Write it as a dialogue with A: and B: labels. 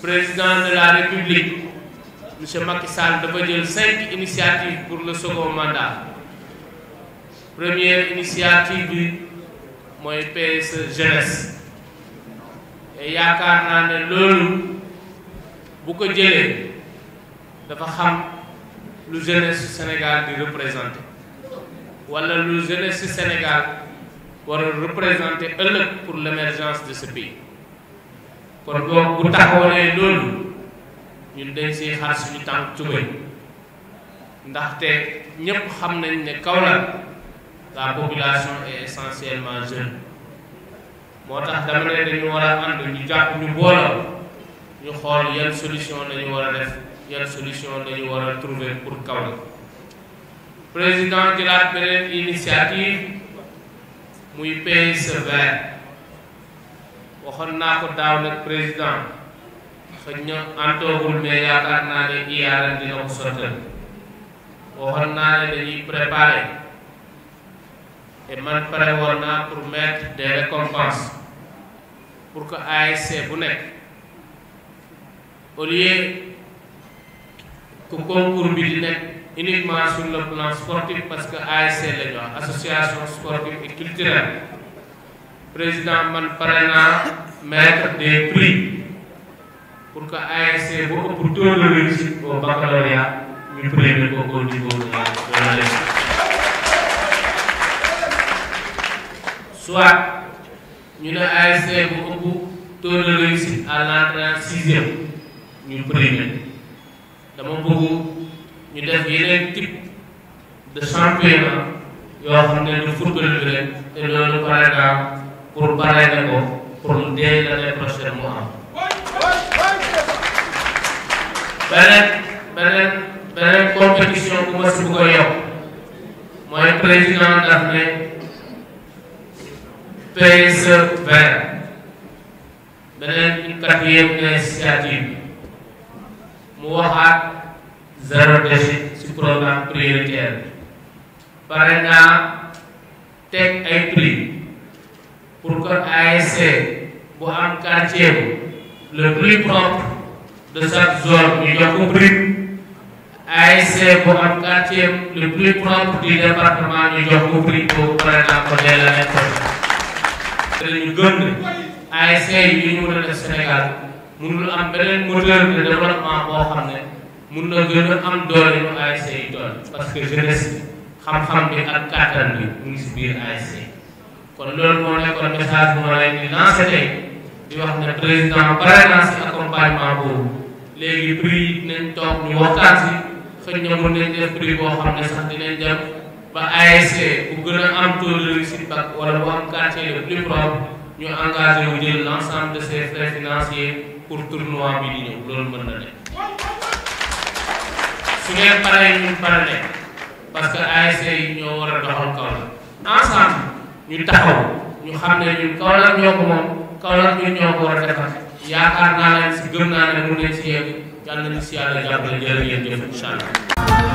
A: président de la république M. Macky Sall dafa jël cinq initiatives pour le second mandat première initiative bi mooy jeunesse et yaakaar a ne loolu bu de jëlee dafa xam le jeunesse Sénégal Ou représenter wala le jeunesse Sénégal pour représenter ëllëg pour l'émergence de ce pays kon boobu bu taxawalee loolu ñun dañ siy xaar suñu tànk tubay ndaxte ñépp xam nañ ne kaw la population est essentiellement jeune moo tax dama ne dañu war a ànd ñu jàpp ñu booloo ñu xool yan solution lañu war a def yan solution lañu war a trouver pour Kaolack président jëlaat beneen initiative muy PSE vert waxoon naa ko daaw nag président xëy na antoogul mais yaakaar naa ne IARAN dina ko sottal waxoon naa ne dañuy préparer et man pare woon naa pour mettre des récompenses pour que ASC bu nekk au lieu que concours bi di nekk uniquement sur le plan sportif parce que ASC la ñu wax association sportive et culturelle président man pare naa maître des prix pour que ASC bu ëpp taux de réussite au baccalauréat ñu premier ko au niveau de la soit ñu ne ASC bu ëpp taux de réussite à l'entrée en sixième ñu premier dama bëgg ñu def yeneen type de championnat yoo xam ne du football bi te loolu pare naa pour pare na ko. kon dee l'année prochaine mu am beneen beneen beneen compétition bu ma si bu ko yokk mooy président daf ne PSE vert beneen quatrième initiative mu waxaat zéro déchet ci programme prioritaire pare naa teg ay prix pour que ASC e bu am quartier le plus propre de chaque zone ñu jox ko brut ASC bu am quartier le plus propre du département ñu jox ko prix boobu pare naa ko dee la nekk gën ASC yi ñu mën def Sénégal mënul am beneen moteur de développement boo xam ne mun na gën a am doole ñu ASC yi doon parce que jeunesse xam-xam bi ak kàttan bi mu ngi si biir ASC kon loolu moo nekkoon message bu ma leen di e. lancer nah, tey di wax ne président pare naa si accompagnement boobu léegi prix nañ toog ñu waxtaan si xëy na mën nañ def prix boo xam ne sax dinañ dem ba ASC bu gën a am taux de réussite bac wala bu am quartier le plus propre ñu engagé wu jël l'ensemble de ses frais financiers pour tournoi bi di ñëw loolu mën na nekk su ngeen paree ñun pare nekk parce que ASC yi ñoo war a doxal kaw la ensemble ñu taxaw ñu xam ne ñun kaw la ñoo ko moom Kaolack ñun ñoo ko war a defar yaakaar naa leen si gëm naa ne mun nañ si yegg yàlla nañu si yàlla jàppale jërë ngeen jëf incha allah